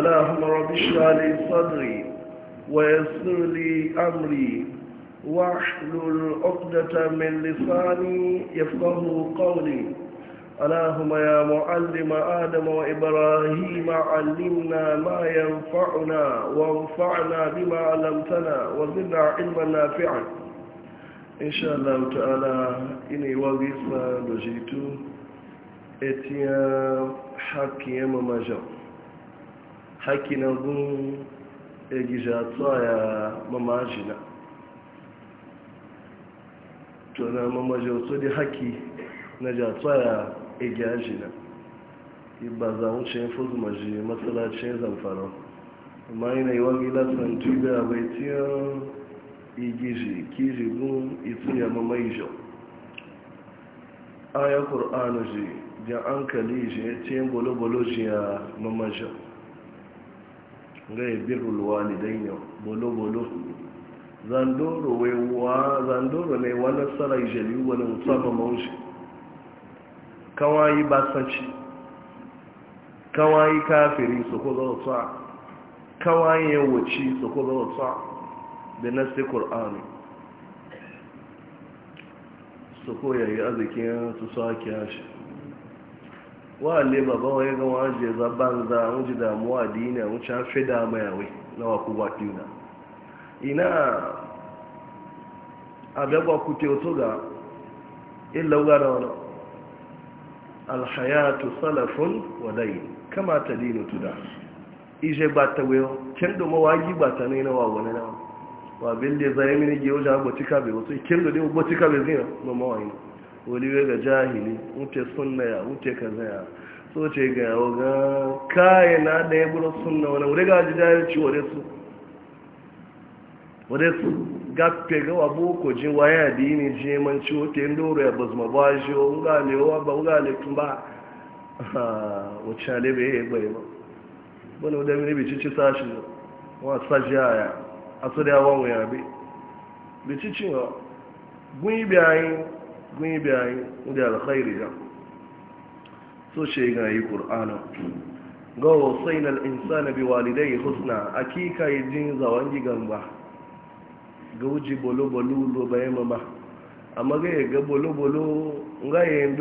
اللهم رب اشرح لي صدري ويسر لي امري واحلل عقدة من لساني يفقه قولي اللهم يا معلم آدم وإبراهيم علمنا ما ينفعنا وانفعنا بما علمتنا وزدنا علما نافعا إن شاء الله تعالى إني وغيثا نجيت إتيا حكيم ممجر haƙƙi na gun egija tsaya mamajina tona mamaje otu di haki na ja tsaya egijina ba za wuce fuzmaji matsalacin zamfara amma na yi wani latin tuba bai tiya igiji kiji gun itiya mamaijo ayakur anu ji da an kali ji ya tiyan bolo-bolo ji ya mamajo ga ya birrul walidain bolo bolo zandoro wai wa zandoro ne wani tsara ijeli wani musamman mawuce kawai basanci kawai kafiri su ko zawo tsa kawai yawaci su ko zawo tsa da nasi ƙur'ani su ko yayi arzikin su sa kiyashi Wa ne wale baba wa yaga waje za banza wuji damuwa dina wuce hafe dama yawe na wa waku wakina ina abegwa ku teoto ga illa gara wani alhayatu salafun wadai kama ta dino tuda ije ba ta wayo kin do mawagi ba ta ne na wa wani na wa bille zai mini ge wuce agotika be wasu kin do ne agotika be zina no mawagi oliwe ga jahili wuce sunna ya wuce kaza ya so ce ga yawo ga na da ya bura sunna wani wuri ga jahilci wade su wade su gafe ga boko jin waya da yi ne man ciwo yin doro ya bazma ba shi o n gane wa ba wuga gane tun ba wacce ale bai yi bai ba wani wadda mini bici ci sashi wa sashi ya a da yawon wuya bi bici ci gun yi gani bayan da alkhairi ya so ce ga yi ƙur'anin ga wasain al'insana bi walidai husna a kika yi jin zawon gigan ba ga wuji bolo-bolo lo bayan mama amma ga yi ga bolo-bolo ga e yi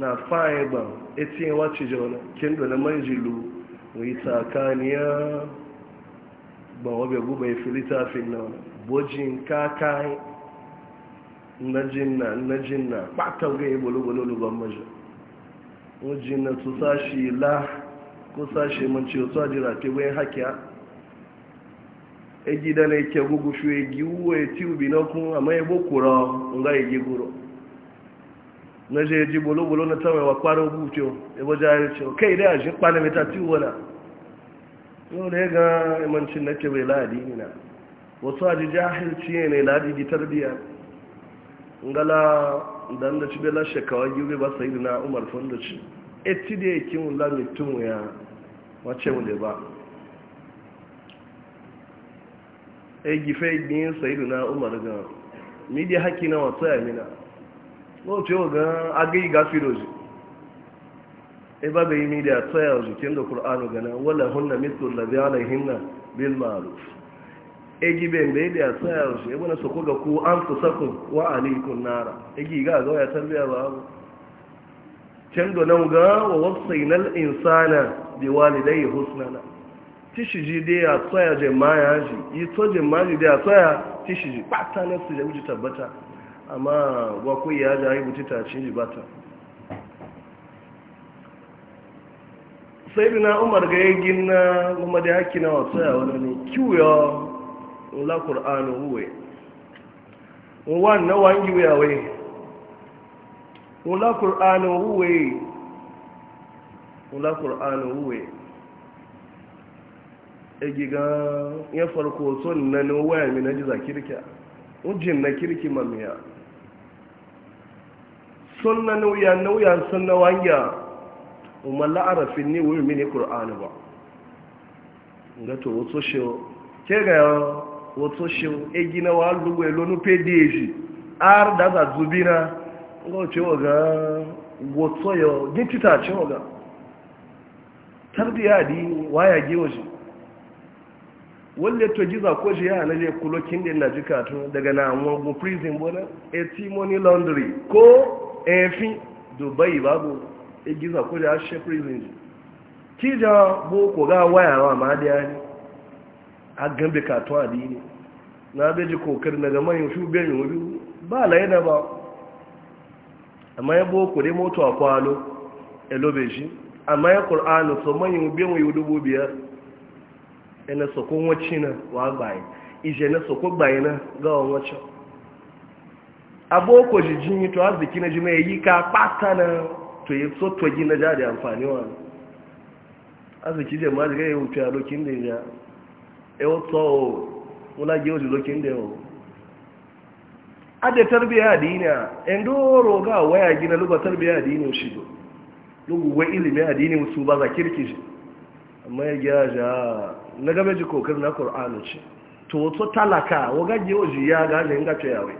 na fayin ba etin wacce jauna kendo da na manjilu wai tsakaniya ba wabe gube filitafin na bojin kakain na jinna na jinna ɓata ga yi bolo-bolo ban maji wajen na su sashi la ko sashi manci wasu ajira ke bayan hakiya e gida na ike gugushu e giwuwa e tiubi na kun amma e bokura nga e giguro na je ji bolo-bolo na tawa wa kparo buto e wajen arice kai dai a shi kpana meta tiwuwa na yau da ya ga imancin na ke bai ladi na wasu ajija ahirci ne ladi gitar biya ngala dan da ci bela shekawa ba sai na umar fondoci eti da e yake mun la mutum ya wace mu da ba e gife din na umar ga mi da haki e na wata ya mina no ce ga agi gafiroji e ba bai mi da tsaya jikin da qur'anu gana wala hunna mithlu alladhi alaihinna bil ma'ruf egibe mgbe ede asaya yaushe ya bane soko ga ku an fusakun wa alaikun nara egi ga ga ya tarbiya ba abu can da nan ga wa wasainal insana bi walidai husnana tishiji dai ya tsaya jama'a ji yi to jama'a dai ya tsaya tishiji bata na su da wuce tabbata amma wa ku ya ja yi wuce ta ci bata sai na umar ga ya gina kuma da hakina wa tsaya wani ne kiwo la qur'anu huwe wa na wangi we awe la huwe la qur'anu huwe egiga ya farko son na waya mi na jiza kirkiya ujin na kirki mamiya son na nauya nauya son na wanya umar la'arafin ne wuri mini ƙur'anu ba ga to wato shi ke ga yawon wato shi egina wa lugwe di pedeji ar da zubina ga ce wa ga wato yo gintita ce wa ga tarbiya di waya gewa shi wanda to giza ko shi ya naje kulokin din na jika tun daga na mu prison bona etimony laundry ko efi dubai babu e giza ko da shi prison ki ja bo ko ga waya wa ma da ni hagan bai kato adini na bai ji kokari na gama yin shubiyar yin wuri ba la yana ba amma ya boko dai moto a kwalo elobe shi amma ya ƙor'anu so manyan biyan wuyi dubu biyar yana sokon wacce na wa bayan ishe na sokon bayan na gawan wacce a boko shi jin yi to arziki na jima ya yi ka pata na to yi so to gina jari amfani wa arziki jama'a da ya yi wuce a dokin da ya yau tsawo wula ge oji lokin da yau ade tarbiya adina endoro ga waya gina luba tarbiya adini shigo lugu wa ilimi adini su ba kirki shi amma ya gya ja na kokar na to talaka ga oji ya ga ne ga ce yawe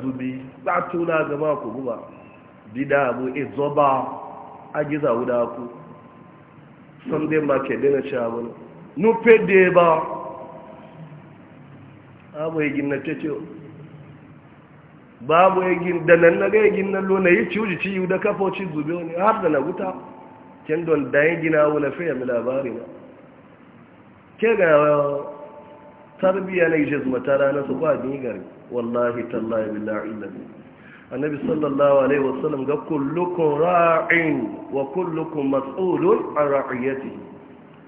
zubi za wuda ku son dai ba ke dena ci abu nufe da ba abu ya gina ce ce babu ya gina da nan na gaya ya gina lona yi ci wuce ci yi da kafoci zube wani har da na wuta ken don da yi gina na fiye mai labari na ke ga uh, tarbiya na yi jazmata na su ba ni gari wallahi tallahi billahi illabi annabi sallallahu alaihi wasallam ga kullukun ra'in wa kullukun mas'ulun an ra'iyati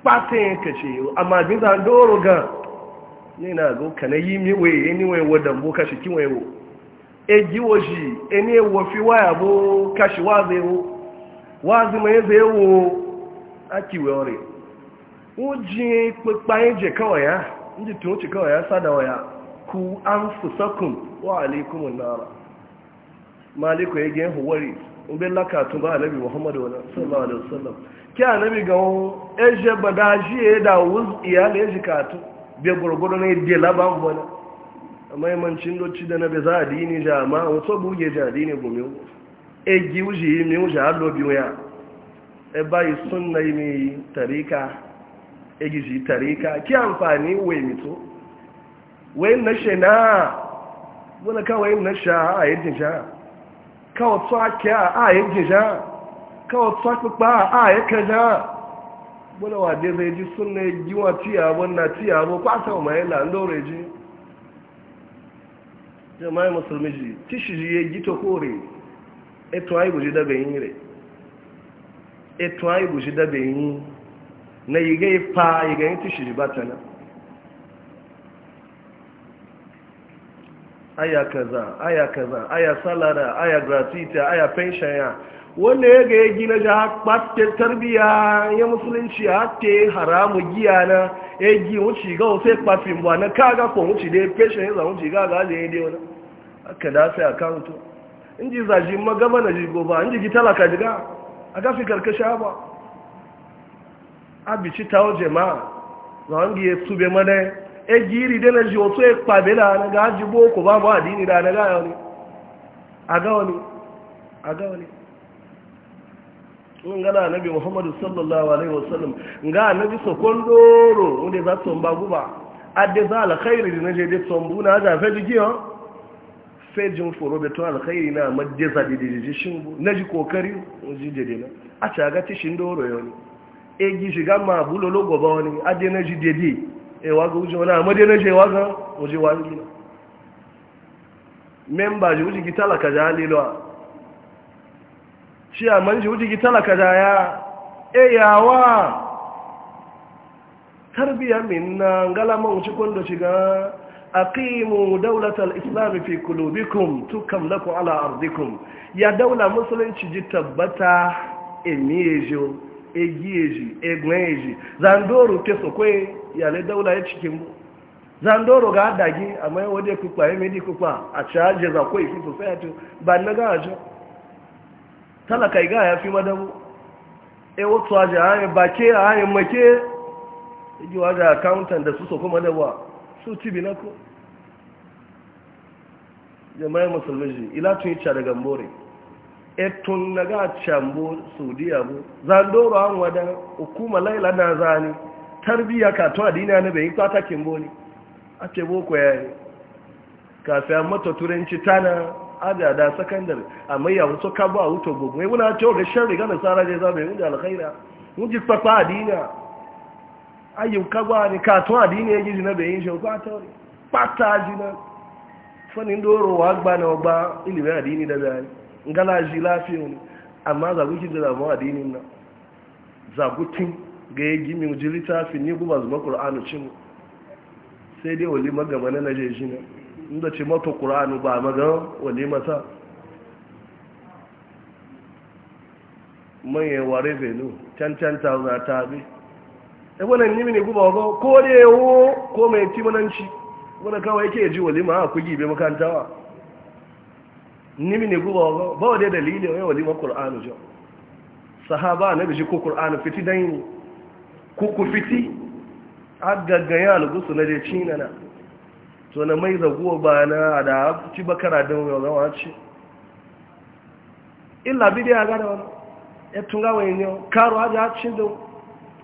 patin kace amma bin da doro ga ni na go kana yi mi we ni we wadan bo kashi kin we wo e giwo shi eni e wo fi waya bo kashi wa ze wo wa ze me ze wo aki we ore uji pepa e je kawai ya ndi tun ci kawai ya sada waya ku an anfusakum wa alaikumun nara maliku ya gen huwari ubin lakatun ba anabi muhammadu wa sallallahu alaihi wasallam ki anabi ga won eje badaji ya da wuz iyale ya jikatu be gurgudu ne de laban bona amma man cin doci da na be za dini jama o to buge ja dini gumi e gi uji mi uji allo bi ya e bai sunna mi tarika e gi ji tarika ki amfani we mi to we na shena wala kawai na sha a yadda sha káwọ̀ tó a ààyè gẹ̀ẹ́já káwọ̀ tó a ààyè kẹjá gbọ́dọ̀ wà dé súnlẹ̀ jíwọ̀n tí àwọ̀ na tí àwọ̀ pàtàkì ọmọ ẹ̀là ń lóore jí jẹ́mọ́ mùsùlùmí jì tí ṣìṣì jí tó kóòrè ètò àìbùsí dábẹ̀ yín dábẹ̀ na yìí gẹ́ ipa yìí gẹ́ yín aya kaza aya kaza aya salara aya gratuity aya pension ya wanda ya ga ya gina ja batte tarbiya ya musulunci hatte haramu giya na ya gi wuci ga ya kwafin ba na kaga ko wuci dai pension ya zama wuci ga ga dai dai wani aka da sai account in ji zaji magaba na jigo ba in ji talaka diga a gafi karkasha ba abici tawo jama'a zawon gi ya tube mana e jiri dena ji wato ya kwabe da na ga ji boko ba mu adini da na ga wani ni aga wani aga ga mun ga na nabi muhammadu sallallahu alaihi wasallam ga annabi sokon doro wanda za su ba guba adde za alkhairi da naje da sombu na da fe ji ha fe jin foro be to alkhairi na madde za de ji shin bu kari kokari ji de na a ta ga tishin yo ni. e ji shiga ma bulo logo ba wani adde de de ewa eh, ga wuce wani amadi na shewa ga waje wangi memba ji wuce gitala kaza ja lilo shi a manji ji wuce gitala kaza ya e eh, yawa tarbiya minna na galama wuce kwando shiga aqimu daulatal islam fi qulubikum tukam laku ala ardikum ya daula musulunci ji tabbata emiyejo eh, egiyeji shi egbe shi zandoro ke sokwe yale daula ya cikin mu zandoro ga adagi a yau wade kuka ya medi kuka a caje za kwai fi society ba na ga ajo talaka ga ya fi madabu e wato aje yi bake a yi make ji e, waje accountant da su soko madabu a su tibi na ku? jama'ai musulmi ila tun yi daga mbore etun na ga cambo saudiya bu zandoro an wada hukuma laila na zani tarbiya ka to adina na bai kwata kimbo ne Ake boko ya yi kafi a mata turanci tana aja da sakandare amma ya wuto ka ba wuto gugu ya wuna cewa da shan riga na tsara je zama yi da alkhaira mun ji safa adina ayyu ka ba ni ka to adina ya gizi na bai yi shi kwata ne kwata ji na fanin dorowa gba na ba ilimin adini da zai ngala ji lafiya ne amma zagukin da damuwa addinin nan zagukin ga ya gimi ji littafin ni guba zuma ƙura'anu cin sai dai wali magama na naje shi ne inda ce mata ƙura'anu ba magama wali mata manyan ware venu cancanta za ta bi e wani nimi ne guba ba ko ne yawo ko mai timananci wani kawai yake ji wali ma a kugi bai makantawa nimi ne guba ba wa dai dalili wani walima ƙur'anu jau sahaba na bishi ko ƙur'anu fiti dan yi ko ku fiti agaggaya algusu na je cina na to na mai zaguwa ba na da ci bakara don yau zama ci illa bidiya a gada wani ya tunga wani yau karo haji cin don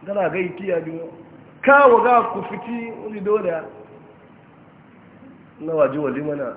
gana ga a biyu kawo ga ku fiti wani dole na waje wali mana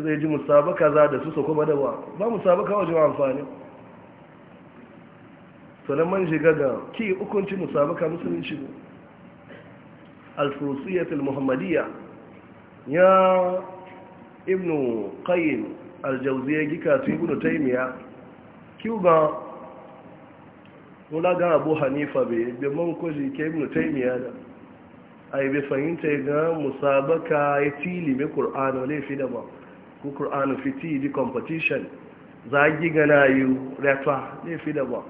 zai ji musabaka za da su su kuma da ba musabaka wajen amfani sannan man shiga ga ki hukunci musabaka musulunci ne alfursiyatul muhammadiyya ya ibnu qayyim aljawziya gika su ibnu taymiya ba wala ga abu hanifa be be man ko ji ke ibnu taymiya da ai be fahimta ga musabaka ya tili be qur'ano le fi da ba ko ƙur'anu fiti di competition za gi gana yi retwa ne fi da ba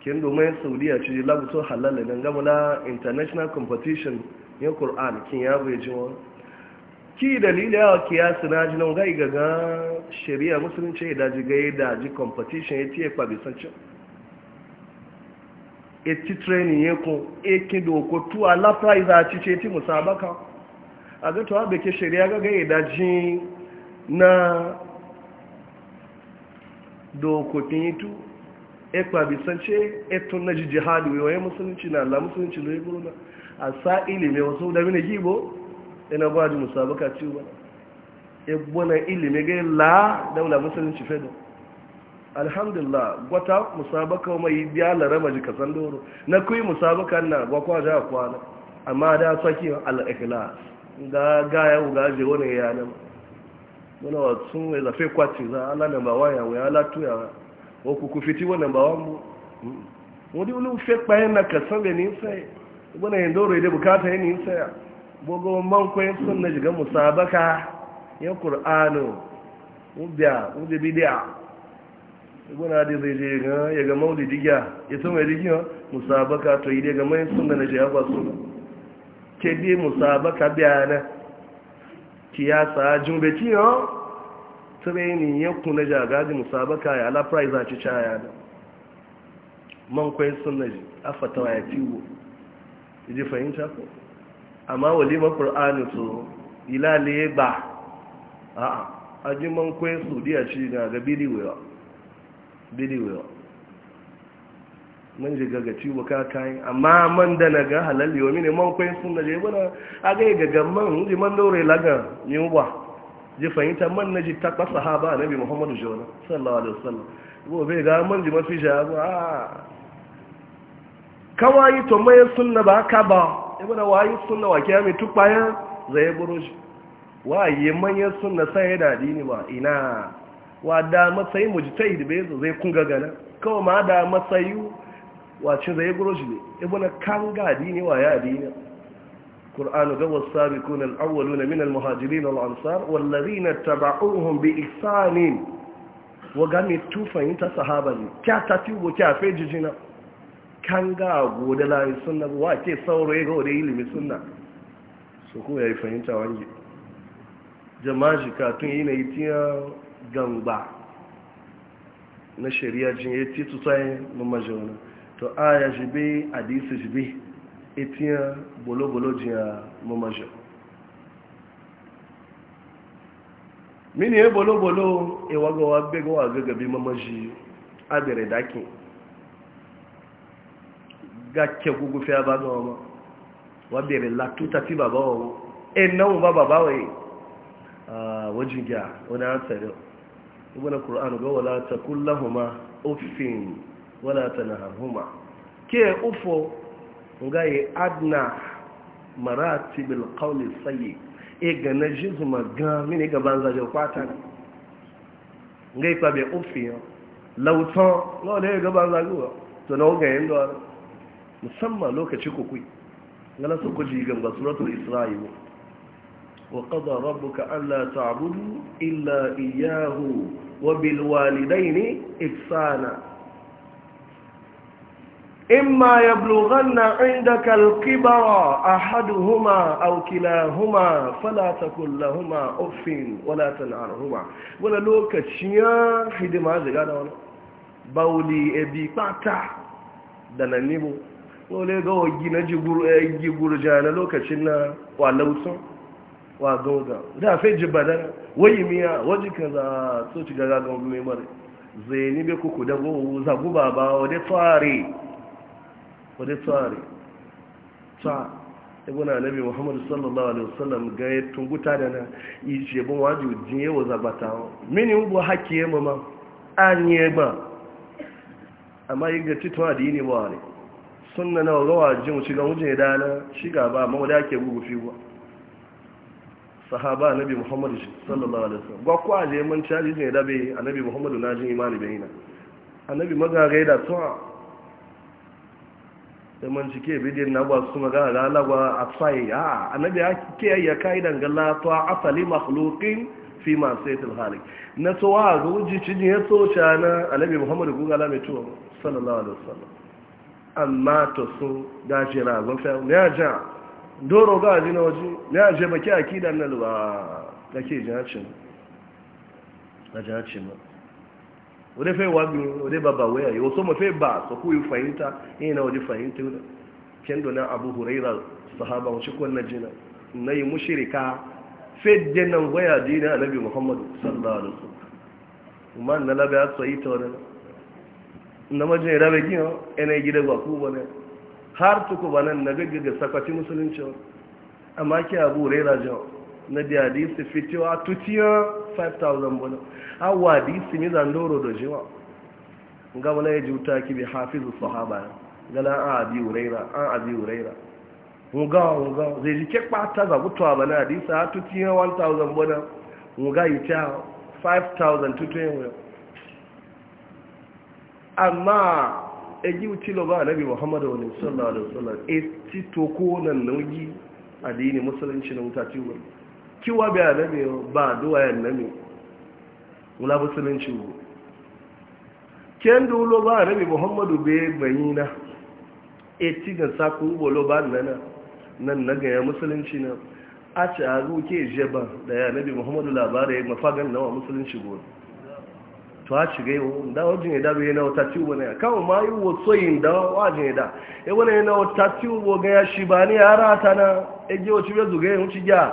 kin domin saudiya ce labutun halal don gama na international competition yin ƙur'an kin ya bai ji wani ki dalilin yawa kiyasi na ji nan ga ga shari'a musulunci ya daji gai ji competition ya tiye kwabisancin eti training ya kun ekin da okotu a laprize a cice ti musabaka a ga tuwa beke shari'a ga gaya daji na dokokin yitu ekwa bisance eto na jihadi wewaye musulunci na ala musulunci lo igbo na a sa ilime wasu da na gibo ina e gwaji musabaka ciwo ba egbo na ilime ga la daula musulunci fedo alhamdulillah gwata musabaka mai biya larama jika sandoro na kuyi musabaka na gwakwaja kwana amma da tsakiyar al'ikilas ga gaya ga je wani ya nan wani wasu ya zafe kwaci za ala namba wan ya wuya ala tuya o ku ku fiti wani namba wan mu wani mm. wani fe kpayen na kasan da nisa ya wani yin doro da bukata ya nisa ya bogo man kwayen sun na shiga musabaka ya kur'anu ubiya ubi bidiya wani adi zai je ga ya ga maulidi ya ya sama ya di musabaka to yi daga mai sun na na shiga kwasu kedi musabaka biyana kiyasa ajin be kiyo training ya kuna jagaji musabaka ya la prize a ci caya da man kwai sunna ji afatawa ya tiwo ji fahimta ko amma walima qur'ani to ila le ba a a ajin man kwai su dia shi na ga bidiyo bidiyo man ji gaga ciwo ka kayan amma man da na ga halalli wa mini man kwayin sun naje bana a ga gaga man ji man daure laga ni wa ji fahimta man na ji ta kwasa ha ba nabi muhammadu jona sallallahu alaihi wasallam Gobe bai ga man ji mafi abu a kawai to mai sunna ba ka ba ibana wayi sunna wa kiyami bayan zai shi. wa yi manyan sunna sai da dini ba ina wa da matsayin mujtahid bai zai kunga gana kawai ma da matsayi. wace zai guro shi ne ibina kan ga adini wa ya adini ƙur'anu ga wasabiqun na min al-muhajirin wal-ansar wallazina taba'uhum bi ihsanin wa gami tufayin ta sahaba ne Kyata ta tiwo jijina kan gode sunna wa ke sauro ga gode ilimi sunna su ko yi fahimta wange. jama'a jikatun yi na yi gamba na shari'a jin ya titu tsaye na to aya jibe hadisi jibe etiyan bolo-bolo jiya mamajo mini ye bolo-bolo ewagowa gbegowa gagabi mamaji abere dakin gake gugufe abaga wama, wa bere latuta ti baba e ẹnahun ba baba wẹ wajen gya wani an tsari ibi na ƙura'anu ga wala ma ofin wala tanharhuma ke ufo ngaye adna maratibil qawli sayyi e ga jizuma ga mini e ga banza je kwata ngai pa be ufi lauto no le ga banza go to no ga yendo musamman lokaci ku kui ngala su kuji ga suratul isra'i wa qada rabbuka alla ta'budu ila iyyahu wa bil walidayni ihsana إما يبلغن عندك الكبر أحدهما أو كلاهما فلا تقل لهما أف ولا تنعرهما ولا لو كتشيا في دماء زغانا ولا باولي أبي باتا دنانيبو wale ga wagi na jiguru jana lokacin na walausun wa gauga da fai ji badana wayi miya waji kaza so ci gaga ga mai mara zai ni be da gowu zagu baba wa dai fare wadda tsari ta ibn annabi muhammadu sallallahu alaihi wasallam ga ya tunguta da na ije bin waju jinye wa zabata mini ubu haki ya mama an yi ba amma yi ga titun adini ba ne sunna na rawa jin shiga wujin da na shiga ba amma wadda ake gugu fi ba sahaba annabi muhammadu sallallahu alaihi wasallam gwa kwa je man caji ne da bai annabi muhammadu na jin imani bai na annabi magagai da tsawa da man cike bidin na ba su magana da ba a tsaye a annabi ya ke ya kai dangala to asali makhluqin fi ma saytul halik na so wa ga uji cin ya so na annabi muhammadu ku mai tuwa sallallahu alaihi wasallam amma to su da jira gon fa ne ja doro ga ji na waje ne ja baki akidan nan ba kake jacin na jacin wadai fai wagin wadai ba ba waya yau so mafi ba su yi fahimta ina waje fahimta yau kendo na abu huraira sahaba wasu na jina na yi mushirika fedde nan waya dina alabi muhammadu sallallahu alaihi wasallam kuma na labe a tsayi ta wadana na majin rabe gina yana gida ba ku ba ne har tuku ba nan na gaggaga sakwati musulunci amma ki abu huraira jawa na di hadisi fitiwa tutiya 5,000 bane awa hadisi zan doro da jiwa ga n'a ya juta ki bi hafizu sahaba Gana an abi huraira an abi huraira muga muga zai ji ke kpata za gutuwa bane hadisi a tutiya 1,000 bane muga yi ta 5,000 tutiya wuyo amma egi lo ba nabi muhammadu wani sallallahu alaihi wasallam esti toko nan nauyi dini musulunci na mutatiwa kiwa bai annabi ba duwa ya annabi wula musulunci wu ken dulo ba annabi muhammadu bai bayina eti ga sakun bolo ba nana nan na ga ya musulunci na a ce a ke jeba da ya annabi muhammadu labari ya mafagan nawa musulunci wu to a shiga yi da wajen ya dabe yana wata tiwo ne kawo ma yi wato yin da wajen ya da e ya wani yana wata tiwo ga ya shi ba ne ya rata na e ya ge wacce ya zuga ya wuce ya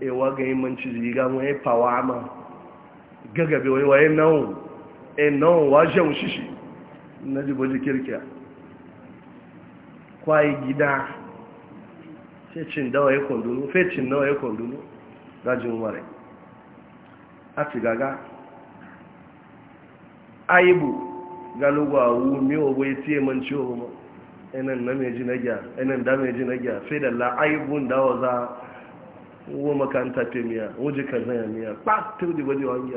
ewa ga imanci ziga mu ya e fawa ma gagabe wai waye nan e nan wa jan shishi na ji boji kirkiya kwai gida fecin dawa ya kondunu fecin nawa ya kondunu gajin umare a ti gaga aibu galugwa wu mi obo ya tiye manci obo ma enan na meji na gya enan da meji na gya fe da la aibun dawa za wo makaranta miya wuje kaza ya miya pa te wuje waje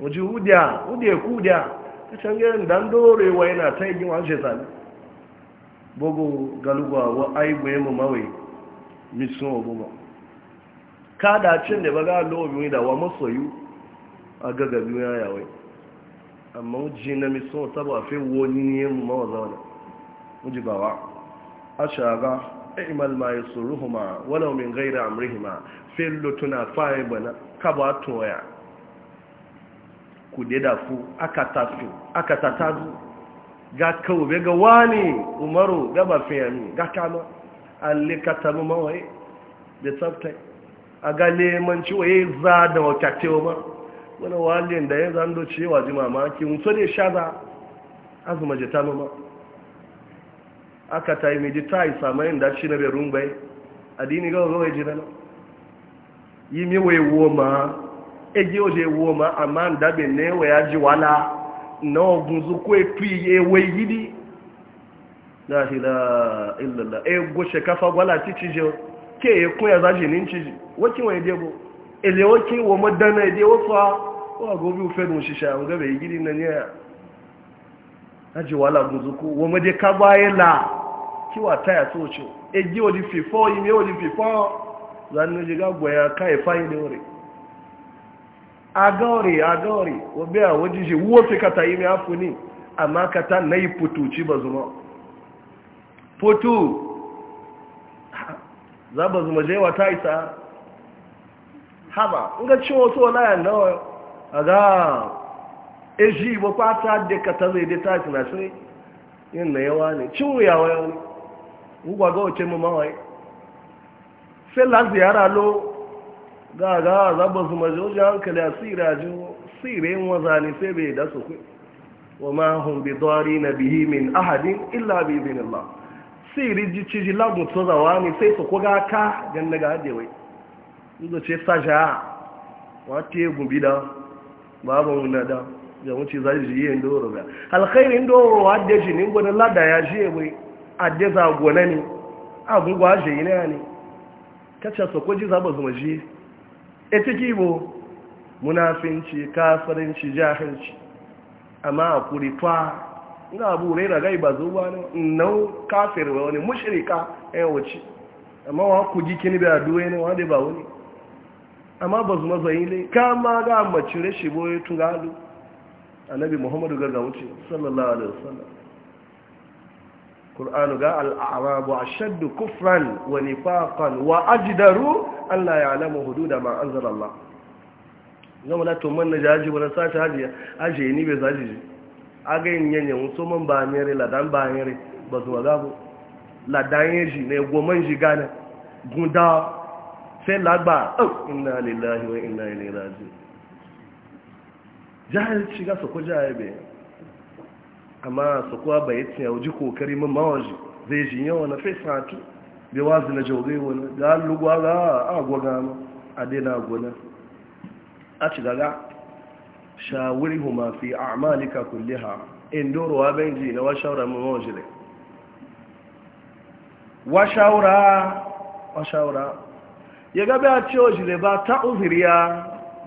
wuje wudiya ta cange dan dore wa yana ta yi wa je bogo galugwa wa ai gwe mu mawe kada cin da baga lobi da wa masoyu a gagabi ya yawe amma wuje na misun sabo a fe woni mu bawa a shaga imal ma ma wani yasuruhuma walau min ghairi amrihima fillu tuna faibana kaba toya ku deda fu aka tafi ga kaube ga wani umaru ga mafiyami ga kama alle katabu mawai da tsaftai a ga neman ciwo ya za da wakatewa ma wani walin da ya zando cewa ji mamaki mutu ne shaza azuma mu mama aka ta yi meji ta yi samayin da shi na berun bai adini gawa gawa ji nan yi mi wai woma egi oje woma amma dabe ne wa ya ji wala na ogun zuku etu iye ewe yidi na ila illallah e go she kafa gwala ti ci je ke e kun ya zaji ni ci wokin wa ide bo ele wokin wo modana ide e wo fa wa go bi u fe dun shisha ngabe yidi nan ya ji wala guzuku wọ́n Wa jẹ́ kábá ayé là kí wà táyà tó ṣe ejì òdì fìfọ́ ìmí òdì fìfọ́ lánàá jẹ́ gbàgbọ́ ya ká ìfá ilé rẹ̀ agọ́rì agọ́rì wọ́n bẹ́ àwọn jíṣe wúwo fi yi ìmí àfò ni. Amma kàtà náà ìpòtò putu ci bazuma. Putu. za bazuma zuma jẹ́ haba ń ga ciwo tó láyà náà a gáà eji ba kwata dị ka ta zai da tafi na sai yin na yawa ne cin wuya wa yau ne ugwa ga wace mu mawai sai la ziyara alo ga ga zaba su majoji hankali a sira jo sira yin waza ne sai bai da su kai wa ma hun bi dori na bihi min ahadin illa bi bin Allah siri ji ciji lagun to zawa ne sai su koga ka gan ga hadewai inda ce saja wa te gumbi da babu na da jamu ci za ji yin doro ba alkhairin doro hadde shi nin gona lada ya shi a hadde za gona ne agungwa shi ne ne kacha so ko ji za ba zuma ji e tiki bo munafinci kafirinci jahilci amma a kuri fa ina abu rai da gai ba zuwa ne nau kafir wa wani mushrika ya wuce amma wa ku gi kini ba duwe ne wa ba wani amma ba zuma zai ne kama ga mace rashi boye tun gado. annabi muhammadu garga wuce sallallahu alaihi wasallam qur'anu ga al-a'rabu ashaddu kufran wa nifaqan wa ajdaru an la ya'lamu hududa ma anzala Allah gama na to man najaji wala sashi haji aje ni be zaji aga nyenye muso man ba nyere la dan ba nyere bazuwa gabo la dan ji ne goman ji gana gunda sai lagba oh, inna lillahi wa inna ilaihi raji jahilci ga su ku jahibe amma su kuwa bai tiya wuji kokari min mawaji zai ji yawa na fai satu bai wazi na jaugai wani ga lugwa ga agwa gano a daina gona a ci gaga shawuri huma fi a'malika kulliha indorowa bai ji na wa shawara min mawaji ne wa shawara wa shawara ya gaba cewa jile ba ta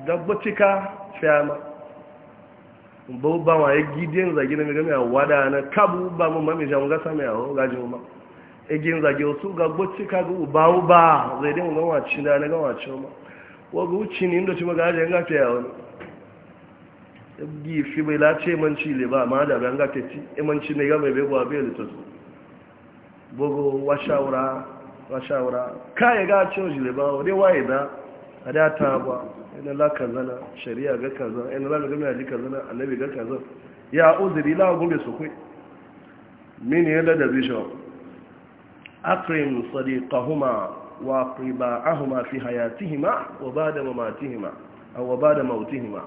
da butika fiyama bau ba wa e ya gidiyan zage na megami a wada na kabu ba mu mami jan e ga sami a gaji mu ma egin zage wasu ga gbocci ka ga uba uba zai dai mu ga wacin da na ga wacin ma wa ga wuci ni inda ci ma gaji an gafe a wani gi fi bai lace manci le ba ma da ban gafe ci e manci ne ga mai bai gwa bai lito bogo wa shawara wa shawara kai e ga cin jile ba dai waye da ada ta ba ina la kazana shari'a ga kaza ina la ga mai ji kazana annabi ga kaza ya uzuri la gobe su kai min ya da bishop akrim sadiqahuma wa qiba'ahuma fi hayatihima wa ba'da mamatihima aw wa ba'da mautihima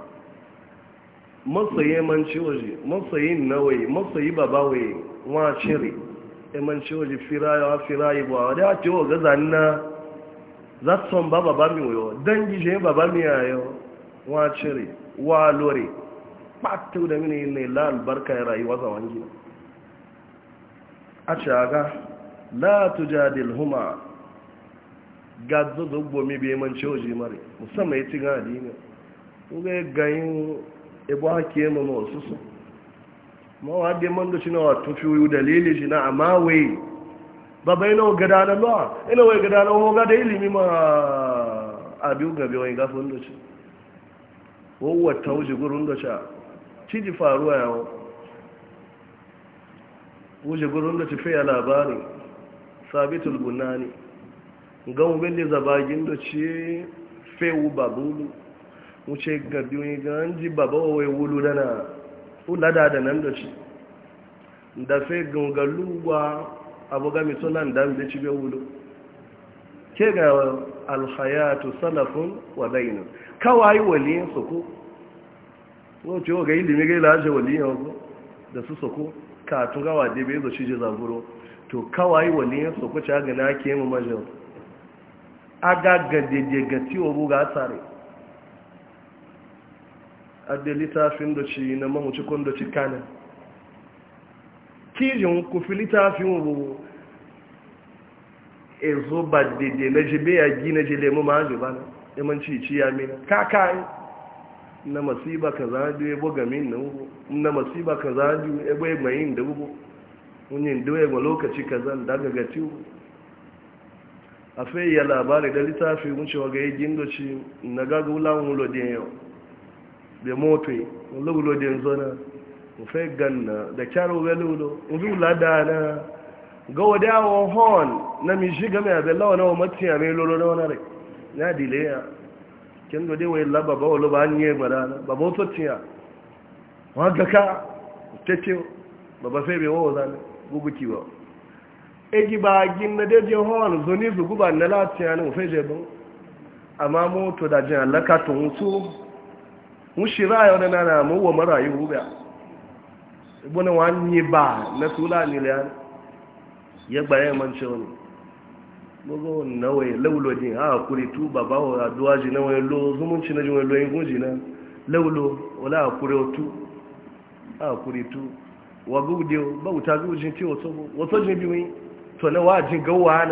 masaye man ciwoji masayi nawai masayi babawai wa cire e man ciwoji firayo firayi ba da ta ga zanna zatson ba baba mi yo dangi je baba mi ayo wa cire wa lore patu da mini ne la albarka ya rayuwa za wangi a caga la tujadil huma ga zogbo mi bi man cewa mare musamman ya ci ga adini ga gayin ebo hake mu ma wasu su ma wa de man da shi na wato dalili shi na amawe baba ina wa gada na ba ina wa gada na hoga gada ilimi ma a biyu gabe wani gafin da ci wawar ta wuce gurin da ca ciji faruwa yawon wuce gurin da ci fiye labari sabitul gunani gan wele zabagin da ci fewu babulu wuce gabi wani ganji baba wawai wulu dana ulada da nan da ci da fe gangaluwa abogami sunan dan da cibe wulo ke ga alhayatu salafun wa dainun kawai waliyin soko N'o ce ga ilimi ga ilaje waliyin ko da su soko ka tunga gawa da bai zo shi je zaburo to kawai waliyin soko cha ga na ke mu majal aga ga dede ga ti obu ga tsare Adelita litafin do ci na mamuci kondo ci kana kijin kò fi littafin rubu e zo ba dede na jibe ya gi na jile mu ma ba ní imanci e ci ya min kakai e. na masiba kan za ju ẹgbọ́ e gamin na ubu na masiba za du ebo e mayin da gbogbo unyin duwe ma lokaci ka zan daga ga ci ubu a fe ya labari da littafi wuce wa ga yi gindoci ofe ganna da kyaro welulo nzu lada na ga wada wa hon na mi shiga mai abin lawa na wa matin ya mai lolo na wani rai na dile ya de gode la laba ba wala ba nye mara ba ba to tiya wa ga ka tete ba ba sai be wa zan guguki ba egi ba gin na deje hon zoni zu guba na latiya na ofe je bon amma mu to da jin Allah ka su mutu mu shira yau na na mu wa marayu ba ibuna wani ba na tula ni ya ya gbaya manci wani gbogbo nawa ya laulo din a kuri tu baba wa aduwa ji nawa ya lo zumunci na jiwa lo yin gunji na laulo a kuri otu a kuri tu wa gude bauta gujin ti wato wato jin biwi to na wa jin gawa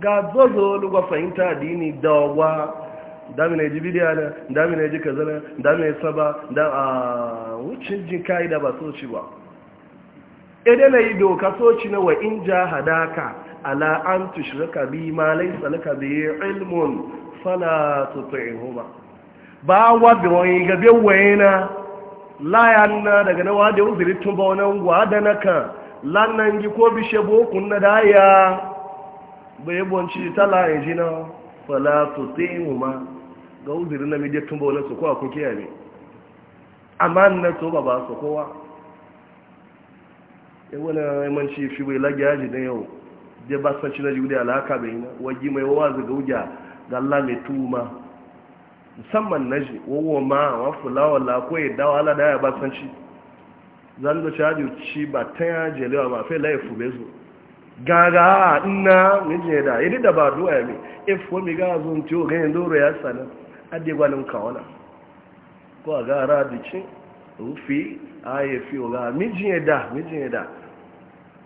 ga zozo lugwa fahimta dini da damina ji bidiya na damina ji kaza na damina saba da a wucin jin ka'ida ba soci ba idan na yi doka soci na wa in ja hadaka ala an tushraka bi ma laysa laka yi ilmun fala tuti'huma ba wa bi wani gabe na? la na daga na wadda yau tun ba wani wada naka lannan gi ko bishe bokun na daya bai bonci tala ya fala tuti'u ma ga uzuri na midiyar tumba wani su kowa kuke yare amma na so ba ba su kowa ya e wani yamanci fi bai lagi yaji na yau je ba san shi na jiwu da alaka bai na waji mai wawa zaga wuja ga Allah mai tuma musamman na ji wawo ma wa fulawa la ko ya dawa ala da ya ba san shi zan da shi ba ta lewa ma fai laifu bai zo gaga ina nije da iri da ba duwa ya mi ifo mi ga zo nti o ganin doro ya sana adi gwanin kawana ko a gara dici rufi a ya fi o ga mijin da mijin da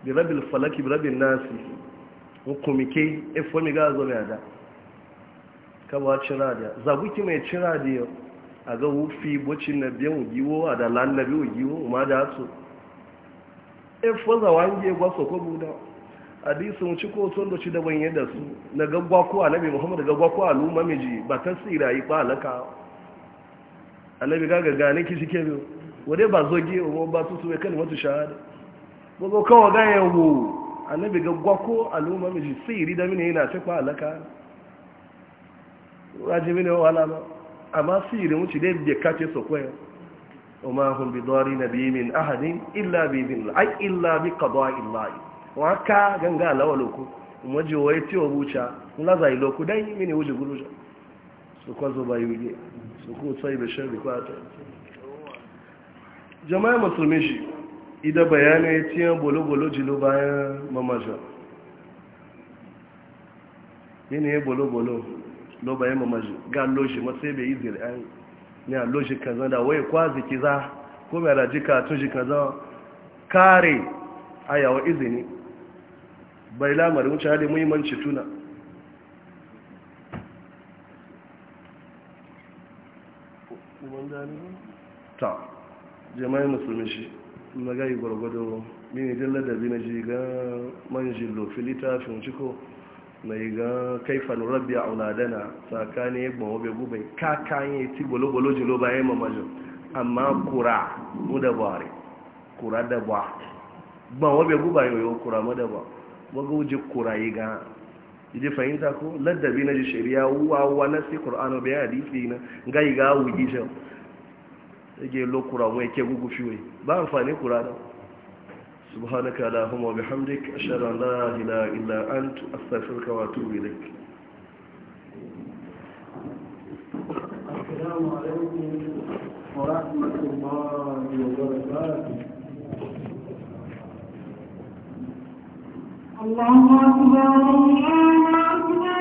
bi rabin falaki bi rabin nasi hukumike ifo mi ga zo ya da kaba cira da zabuki mai cira da yau a ga rufi bocin na biyan giwo a da lannabi giwo ma da su ifo zawange gwaso ko budawa hadisin ci ko tun da ci da su na gaggwa ko annabi muhammad gaggwa ko al'umma miji ba ta tsira yi ba alaka annabi ga gane ki shi ke biyo wadai ba zoge umu ba su su bai kalmatu shahada ba zo kawo ga yawo annabi gaggwa ko al'umma miji tsiri da mini yana ta kwa alaka raji mini wala ba amma tsiri mu ci dai wọn ká ganga aláwọ̀ loku ìmọ́jú wọ́n tí ó wúcha ńlázà ìlókú dẹ́yìn mí ni wújì gúrújọ sókọ́ zọba ìwìgé sókú tọ́ ibẹ̀ ṣe rí pàtó jama'a musulmi shi ida bayani tí yan bolobolo jilo bayan mamaja yini ya bolobolo lo bayan mamaja ga loji masu bai yi zira an ya loji kaza da wai kwazi kiza kome mai rajika tun shi kaza kare ayawa izini bai lamarin wuce hada muhimmanci tuna ta jama'in musulmi shi na gai gwargwado mini jin ladabi na ji ga manjin lofi fin ciko mai ga kaifan rabbi a unadana tsakanin ya gbawa bai gubai kakan ya ti gwalo-gwalo jilo bayan mamajin amma kura mu da bare kura da ba gbawa bai guba yoyo kura mu da buwa. wago wuje kurayi ga iji fahimta ko ladabi na ji shari'a wawa na sai ƙur'anu bai hadisi na gai ga wuji shan yake lo kura mai ke gugu fiwe ba amfani kura da subhanaka allahumma wa bihamdik ashhadu an la ilaha illa ant astaghfiruka wa atubu ilaik السلام عليكم ورحمة الله وبركاته الله أكبر الله